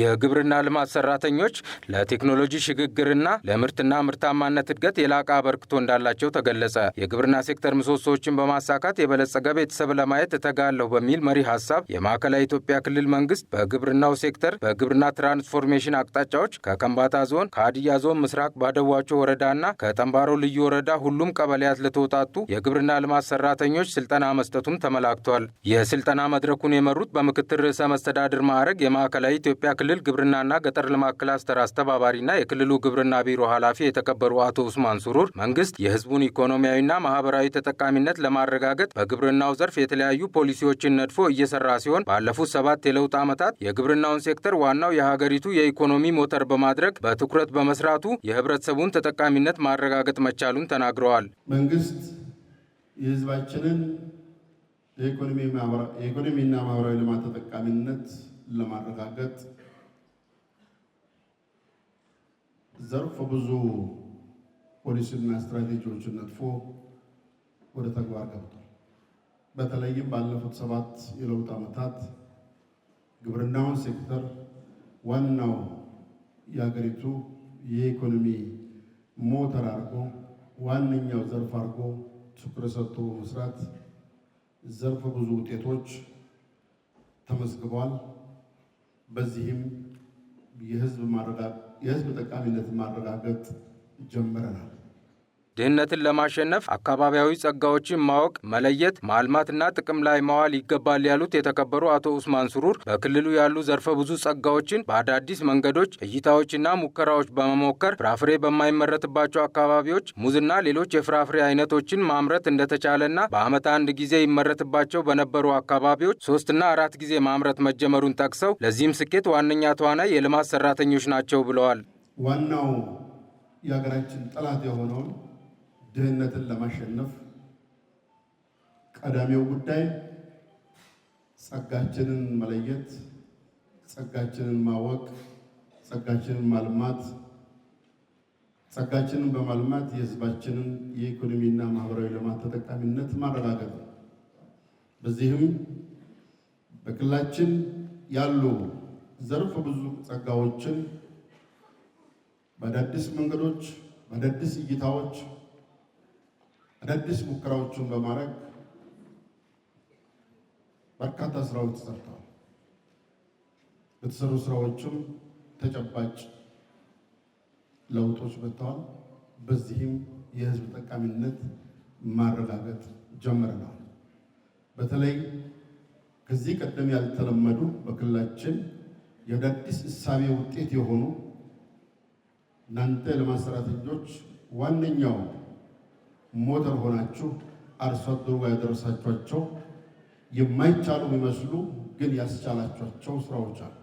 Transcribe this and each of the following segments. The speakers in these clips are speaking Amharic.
የግብርና ልማት ሰራተኞች ለቴክኖሎጂ ሽግግርና ለምርትና ምርታማነት እድገት የላቀ አበርክቶ እንዳላቸው ተገለጸ። የግብርና ሴክተር ምሰሶዎችን በማሳካት የበለጸገ ቤተሰብ ለማየት እተጋለሁ በሚል መሪ ሀሳብ የማዕከላዊ ኢትዮጵያ ክልል መንግስት በግብርናው ሴክተር በግብርና ትራንስፎርሜሽን አቅጣጫዎች ከከምባታ ዞን፣ ከሀዲያ ዞን ምስራቅ ባደዋቾ ወረዳና ከጠንባሮ ልዩ ወረዳ ሁሉም ቀበሌያት ለተውጣጡ የግብርና ልማት ሰራተኞች ስልጠና መስጠቱም ተመላክቷል። የስልጠና መድረኩን የመሩት በምክትል ርዕሰ መስተዳድር ማዕረግ የማዕከላዊ ኢትዮጵያ ክልል ግብርናና ገጠር ልማት ክላስተር አስተባባሪና የክልሉ ግብርና ቢሮ ኃላፊ የተከበሩ አቶ ኡስማን ሱሩር መንግስት የህዝቡን ኢኮኖሚያዊና ማህበራዊ ተጠቃሚነት ለማረጋገጥ በግብርናው ዘርፍ የተለያዩ ፖሊሲዎችን ነድፎ እየሰራ ሲሆን ባለፉት ሰባት የለውጥ ዓመታት የግብርናውን ሴክተር ዋናው የሀገሪቱ የኢኮኖሚ ሞተር በማድረግ በትኩረት በመስራቱ የህብረተሰቡን ተጠቃሚነት ማረጋገጥ መቻሉን ተናግረዋል። መንግስት የህዝባችንን የኢኮኖሚና ማህበራዊ ልማት ተጠቃሚነት ለማረጋገጥ ዘርፈ ብዙ ፖሊሲና ስትራቴጂዎችን ነድፎ ወደ ተግባር ገብቷል። በተለይም ባለፉት ሰባት የለውጥ ዓመታት ግብርናውን ሴክተር ዋናው የሀገሪቱ የኢኮኖሚ ሞተር አድርጎ ዋነኛው ዘርፍ አድርጎ ትኩረት ሰጥቶ በመስራት ዘርፈ ብዙ ውጤቶች ተመዝግበዋል። በዚህም የህዝብ ማረጋገጥ የህዝብ ጠቃሚነት ማረጋገጥ ጀምረናል። ድህነትን ለማሸነፍ አካባቢያዊ ጸጋዎችን ማወቅ፣ መለየት፣ ማልማትና ጥቅም ላይ መዋል ይገባል ያሉት የተከበሩ አቶ ኡስማን ስሩር በክልሉ ያሉ ዘርፈ ብዙ ጸጋዎችን በአዳዲስ መንገዶች፣ እይታዎችና ሙከራዎች በመሞከር ፍራፍሬ በማይመረትባቸው አካባቢዎች ሙዝና ሌሎች የፍራፍሬ አይነቶችን ማምረት እንደተቻለና በዓመት አንድ ጊዜ ይመረትባቸው በነበሩ አካባቢዎች ሶስትና አራት ጊዜ ማምረት መጀመሩን ጠቅሰው ለዚህም ስኬት ዋነኛ ተዋናይ የልማት ሰራተኞች ናቸው ብለዋል። ዋናው የሀገራችን ጠላት የሆነውን ድህነትን ለማሸነፍ ቀዳሚው ጉዳይ ጸጋችንን መለየት፣ ጸጋችንን ማወቅ፣ ጸጋችንን ማልማት፣ ጸጋችንን በማልማት የህዝባችንን የኢኮኖሚና ማህበራዊ ልማት ተጠቃሚነት ማረጋገጥ ነው። በዚህም በክልላችን ያሉ ዘርፈ ብዙ ጸጋዎችን በአዳዲስ መንገዶች በአዳዲስ እይታዎች አዳዲስ ሙከራዎችን በማድረግ በርካታ ስራዎች ተሰርተዋል። በተሰሩ ስራዎችም ተጨባጭ ለውጦች መጥተዋል። በዚህም የህዝብ ጠቃሚነት ማረጋገጥ ጀምረናል። በተለይ ከዚህ ቀደም ያልተለመዱ በክልላችን የአዳዲስ እሳቤ ውጤት የሆኑ እናንተ ሰራተኞች ዋነኛው ሞተር ሆናችሁ አርሶ አደሩ ጋር ያደረሳችኋቸው የማይቻሉ የሚመስሉ ግን ያስቻላችኋቸው ስራዎች አሉ።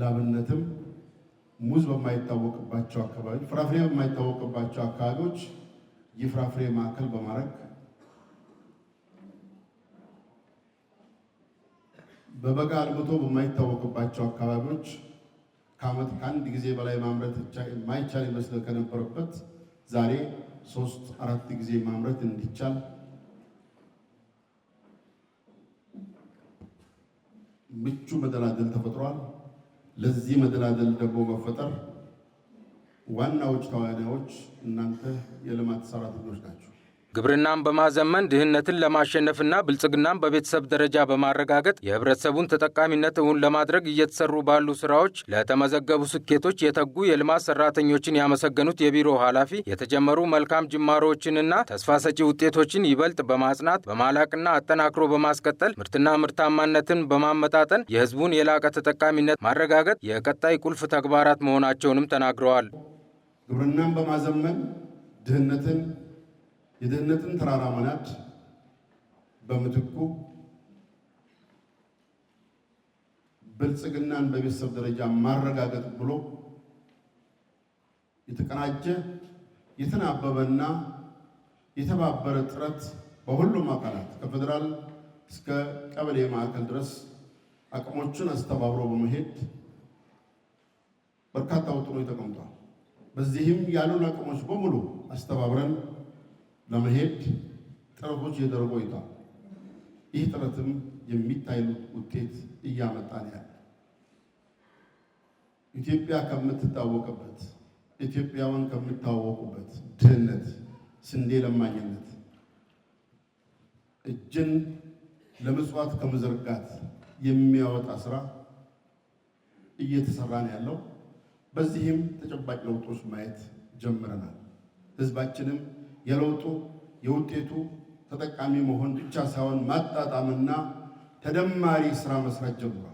ላብነትም ሙዝ በማይታወቅባቸው አካባቢ፣ ፍራፍሬ በማይታወቅባቸው አካባቢዎች የፍራፍሬ ማዕከል በማድረግ በበጋ አልምቶ በማይታወቅባቸው አካባቢዎች ከዓመት ከአንድ ጊዜ በላይ ማምረት የማይቻል ይመስል ከነበረበት ዛሬ ሶስት አራት ጊዜ ማምረት እንዲቻል ምቹ መደላደል ተፈጥሯል። ለዚህ መደላደል ደግሞ መፈጠር ዋናዎች ተዋናዮች እናንተ የልማት ሰራተኞች ናቸው። ግብርናን በማዘመን ድህነትን ለማሸነፍና ብልጽግናን በቤተሰብ ደረጃ በማረጋገጥ የህብረተሰቡን ተጠቃሚነት እውን ለማድረግ እየተሰሩ ባሉ ስራዎች ለተመዘገቡ ስኬቶች የተጉ የልማት ሰራተኞችን ያመሰገኑት የቢሮ ኃላፊ የተጀመሩ መልካም ጅማሮዎችንና ተስፋ ሰጪ ውጤቶችን ይበልጥ በማጽናት በማላቅና አጠናክሮ በማስቀጠል ምርትና ምርታማነትን በማመጣጠን የህዝቡን የላቀ ተጠቃሚነት ማረጋገጥ የቀጣይ ቁልፍ ተግባራት መሆናቸውንም ተናግረዋል። ግብርናን በማዘመን ድህነትን የድህነትን ተራራ መናድ በምትኩ ብልጽግናን በቤተሰብ ደረጃ ማረጋገጥ ብሎ የተቀናጀ የተናበበና የተባበረ ጥረት በሁሉም አካላት ከፌዴራል እስከ ቀበሌ ማዕከል ድረስ አቅሞቹን አስተባብሮ በመሄድ በርካታ ውጥኖች ተቀምጧል። በዚህም ያሉን አቅሞች በሙሉ አስተባብረን ለመሄድ ጥረቶች እየደረጉ ቆይቷል። ይህ ጥረትም የሚታይሉት ውጤት እያመጣን ነው ያለ ኢትዮጵያ ከምትታወቅበት ኢትዮጵያውያን ከምታወቁበት ድህነት፣ ስንዴ ለማኝነት፣ እጅን ለምጽዋት ከመዘርጋት የሚያወጣ ስራ እየተሰራ ነው ያለው። በዚህም ተጨባጭ ለውጦች ማየት ጀምረናል። ህዝባችንም የለውጡ የውጤቱ ተጠቃሚ መሆን ብቻ ሳይሆን ማጣጣምና ተደማሪ ስራ መስራት ጀምሯል።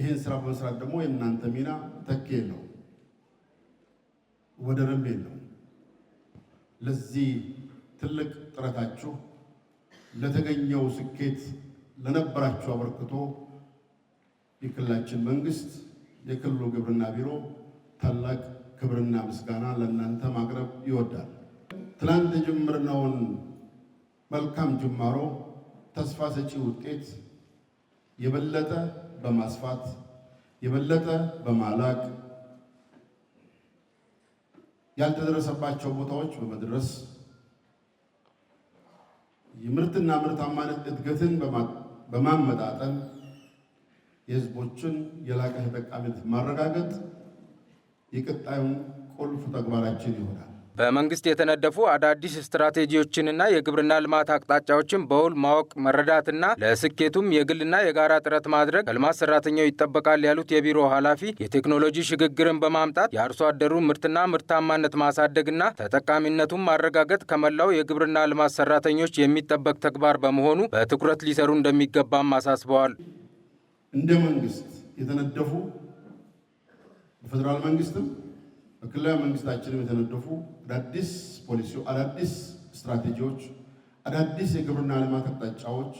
ይህን ስራ በመስራት ደግሞ የእናንተ ሚና ተኪ የለው ረብ የለው። ለዚህ ትልቅ ጥረታችሁ፣ ለተገኘው ስኬት፣ ለነበራችሁ አበርክቶ የክልላችን መንግስት፣ የክልሉ ግብርና ቢሮ ታላቅ ክብርና ምስጋና ለእናንተ ማቅረብ ይወዳል። ትናንት የጀመርነውን መልካም ጅማሮ ተስፋ ሰጪ ውጤት የበለጠ በማስፋት የበለጠ በማላቅ ያልተደረሰባቸው ቦታዎች በመድረስ የምርትና ምርታማነት እድገትን በማመጣጠን የሕዝቦችን የላቀ ተጠቃሚነት ማረጋገጥ የቀጣዩ ቁልፍ ተግባራችን ይሆናል። በመንግስት የተነደፉ አዳዲስ ስትራቴጂዎችንና የግብርና ልማት አቅጣጫዎችን በውል ማወቅ መረዳትና ለስኬቱም የግልና የጋራ ጥረት ማድረግ ከልማት ሰራተኛው ይጠበቃል ያሉት የቢሮ ኃላፊ የቴክኖሎጂ ሽግግርን በማምጣት የአርሶ አደሩን ምርትና ምርታማነት ማሳደግና ተጠቃሚነቱን ማረጋገጥ ከመላው የግብርና ልማት ሰራተኞች የሚጠበቅ ተግባር በመሆኑ በትኩረት ሊሰሩ እንደሚገባም አሳስበዋል። እንደ መንግስት የተነደፉ በፌዴራል መንግስትም በክልላዊ መንግስታችንም የተነደፉ አዳዲስ ፖሊሲዎች፣ አዳዲስ ስትራቴጂዎች፣ አዳዲስ የግብርና ልማት አቅጣጫዎች፣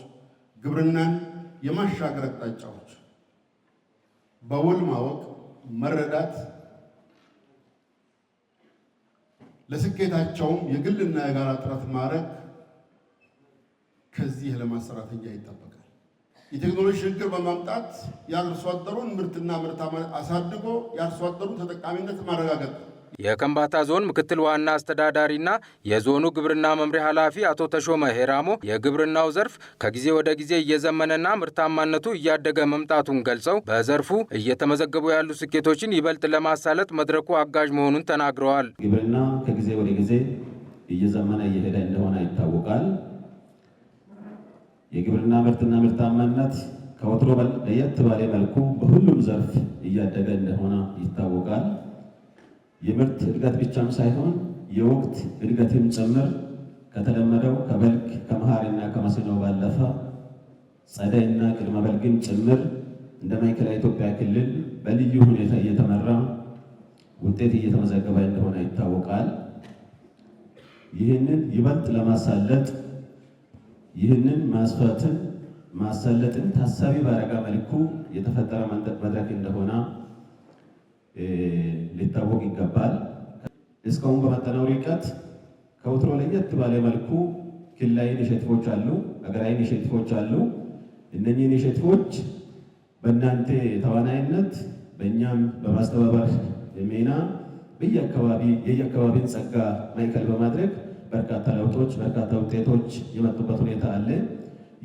ግብርናን የማሻገር አቅጣጫዎች በውል ማወቅ መረዳት ለስኬታቸውም የግልና የጋራ ጥረት ማድረግ ከዚህ የልማት ሰራተኛ ይጠበቃል። የቴክኖሎጂ ሽግግር በማምጣት የአርሶ አደሩን ምርትና ምርት አሳድጎ የአርሶ አደሩን ተጠቃሚነት ማረጋገጥ የከምባታ ዞን ምክትል ዋና አስተዳዳሪና የዞኑ ግብርና መምሪያ ኃላፊ አቶ ተሾመ ሄራሞ የግብርናው ዘርፍ ከጊዜ ወደ ጊዜ እየዘመነና ምርታማነቱ እያደገ መምጣቱን ገልጸው በዘርፉ እየተመዘገቡ ያሉ ስኬቶችን ይበልጥ ለማሳለጥ መድረኩ አጋዥ መሆኑን ተናግረዋል። ግብርና ከጊዜ ወደ ጊዜ እየዘመነ እየሄደ እንደሆነ ይታወቃል። የግብርና ምርትና ምርታማነት ከወትሮ ለየት ባለ መልኩ በሁሉም ዘርፍ እያደገ እንደሆነ ይታወቃል። የምርት እድገት ብቻም ሳይሆን የወቅት እድገትም ጭምር ከተለመደው ከበልግ ከመሃሪና ከመስኖ ባለፈ ጸደይና ቅድመ በልግም ጭምር እንደ ማዕከላዊ ኢትዮጵያ ክልል በልዩ ሁኔታ እየተመራ ውጤት እየተመዘገበ እንደሆነ ይታወቃል። ይህንን ይበልጥ ለማሳለጥ ይህንን ማስፈትን ማሰለጥን ታሳቢ ባረጋ መልኩ የተፈጠረ መድረክ እንደሆነ ሊታወቅ ይገባል። እስካሁን በመጠነው ርቀት ከወትሮ ለየት ባለ መልኩ ክልላዊ ኢኒሼቲቮች አሉ፣ ሀገራዊ ኢኒሼቲቮች አሉ። እነኚህ ኢኒሼቲቮች በእናንተ ተዋናይነት በእኛም በማስተባበር ሚና በየአካባቢ የየአካባቢን ጸጋ ማዕከል በማድረግ በርካታ ለውጦች፣ በርካታ ውጤቶች የመጡበት ሁኔታ አለ።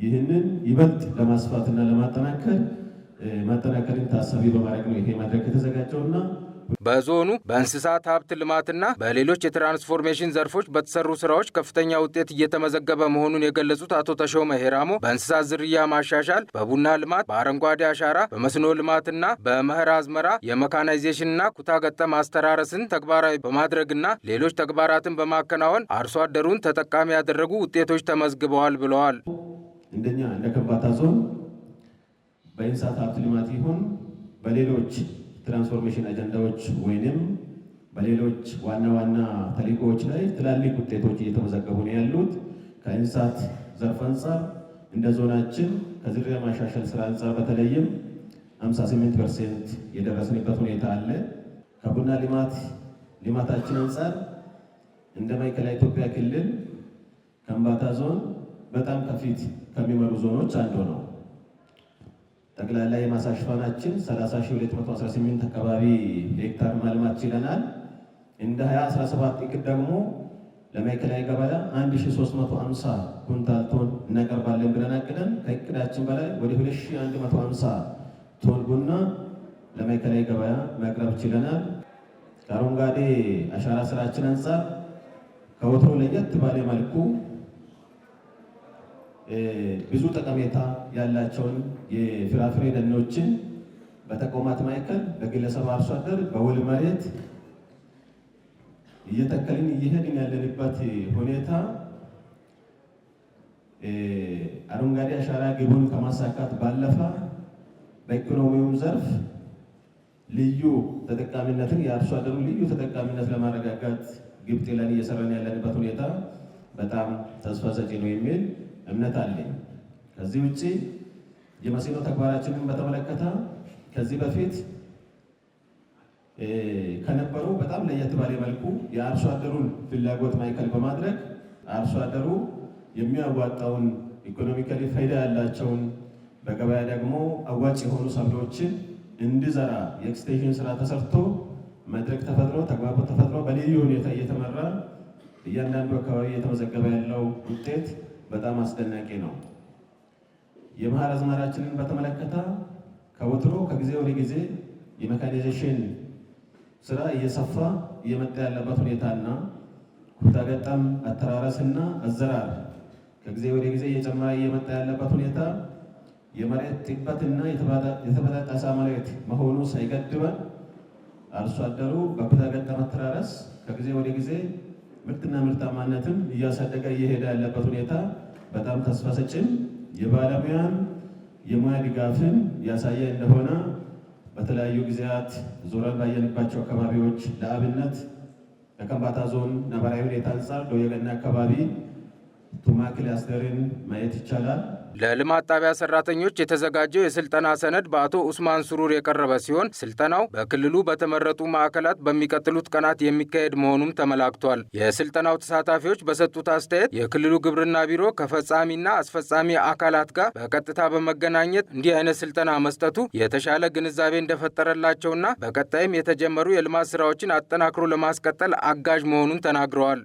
ይህንን ይበልጥ ለማስፋትና ለማጠናከር ማጠናከርን ታሳቢ በማድረግ ነው ይሄ መድረክ የተዘጋጀውና በዞኑ በእንስሳት ሀብት ልማትና በሌሎች የትራንስፎርሜሽን ዘርፎች በተሰሩ ስራዎች ከፍተኛ ውጤት እየተመዘገበ መሆኑን የገለጹት አቶ ተሾመ ሄራሞ በእንስሳት ዝርያ ማሻሻል፣ በቡና ልማት፣ በአረንጓዴ አሻራ፣ በመስኖ ልማትና በመኸር አዝመራ የመካናይዜሽንና ኩታ ገጠም አስተራረስን ተግባራዊ በማድረግና ሌሎች ተግባራትን በማከናወን አርሶ አደሩን ተጠቃሚ ያደረጉ ውጤቶች ተመዝግበዋል ብለዋል። እንደኛ እንደ ከባታ ዞን በእንስሳት ሀብት ልማት ይሁን በሌሎች ትራንስፎርሜሽን አጀንዳዎች ወይንም በሌሎች ዋና ዋና ተልዕኮዎች ላይ ትላልቅ ውጤቶች እየተመዘገቡ ነው ያሉት። ከእንስሳት ዘርፍ አንጻር እንደ ዞናችን ከዝርያ ማሻሻል ስራ አንጻር በተለይም 58 ፐርሰንት የደረስንበት ሁኔታ አለ። ከቡና ልማት ልማታችን አንጻር እንደ ማዕከላዊ ኢትዮጵያ ክልል ከምባታ ዞን በጣም ከፊት ከሚመሩ ዞኖች አንዱ ነው። ጠቅላላ የማሳ ሽፋናችን 30218 አካባቢ ሄክታር ማልማት ችለናል። እንደ 2017 እቅድ ደግሞ ለማዕከላዊ ገበያ 1350 ኩንታል ቶን እናቀርባለን ብለን አቅደን ከእቅዳችን በላይ ወደ 2150 ቶን ቡና ለማዕከላዊ ገበያ ማቅረብ ችለናል። ከአረንጓዴ አሻራ ስራችን አንጻር ከወትሮ ለየት ባለ መልኩ ብዙ ጠቀሜታ ያላቸውን የፍራፍሬ ደኖችን በተቋማት ማዕከል በግለሰብ አርሶ አደር በውል መሬት እየተከልን እየሄድን ያለንበት ሁኔታ አረንጓዴ አሻራ ግቡን ከማሳካት ባለፈ በኢኮኖሚውም ዘርፍ ልዩ ተጠቃሚነትን የአርሶ አደሩ ልዩ ተጠቃሚነት ለማረጋጋት ግብ ጥለን እየሰራን ያለንበት ሁኔታ በጣም ተስፋ ሰጪ ነው የሚል እምነት አለኝ። ከዚህ ውጭ የመስኖ ተግባራችንን በተመለከተ ከዚህ በፊት ከነበሩ በጣም ለየት ባለ መልኩ የአርሶ አደሩን ፍላጎት ማዕከል በማድረግ አርሶ አደሩ የሚያዋጣውን ኢኮኖሚካሊ ፋይዳ ያላቸውን በገበያ ደግሞ አዋጭ የሆኑ ሰብሎችን እንዲዘራ የኤክስቴንሽን ስራ ተሰርቶ መድረክ ተፈጥሮ ተግባቦት ተፈጥሮ በልዩ ሁኔታ እየተመራ እያንዳንዱ አካባቢ እየተመዘገበ ያለው ውጤት በጣም አስደናቂ ነው። የባህር አዝመራችንን በተመለከተ ከወትሮ ከጊዜ ወደ ጊዜ የሜካናይዜሽን ስራ እየሰፋ እየመጣ ያለበት ሁኔታና ኩታገጠም አተራረስና አዘራር ከጊዜ ወደ ጊዜ እየጨመረ እየመጣ ያለበት ሁኔታ የመሬት ጥበትና የተበጣጠሰ መሬት መሆኑ ሳይገድበን አርሶ አደሩ በኩታገጠም አተራረስ ከጊዜ ወደ ጊዜ ምርትና ምርታማነትን እያሳደገ እየሄደ ያለበት ሁኔታ በጣም ተስፋ ሰጭን የባለሙያን የሙያ ድጋፍን ያሳየ እንደሆነ በተለያዩ ጊዜያት ዞረን ባየንባቸው አካባቢዎች ለአብነት ከከምባታ ዞን ነባራዊ ሁኔታ አንጻር ዶዬ አካባቢ ቱማ ክላስተርን ማየት ይቻላል። ለልማት ጣቢያ ሰራተኞች የተዘጋጀው የስልጠና ሰነድ በአቶ ኡስማን ስሩር የቀረበ ሲሆን ስልጠናው በክልሉ በተመረጡ ማዕከላት በሚቀጥሉት ቀናት የሚካሄድ መሆኑም ተመላክቷል። የስልጠናው ተሳታፊዎች በሰጡት አስተያየት የክልሉ ግብርና ቢሮ ከፈጻሚና አስፈጻሚ አካላት ጋር በቀጥታ በመገናኘት እንዲህ አይነት ስልጠና መስጠቱ የተሻለ ግንዛቤ እንደፈጠረላቸውና በቀጣይም የተጀመሩ የልማት ስራዎችን አጠናክሮ ለማስቀጠል አጋዥ መሆኑን ተናግረዋል።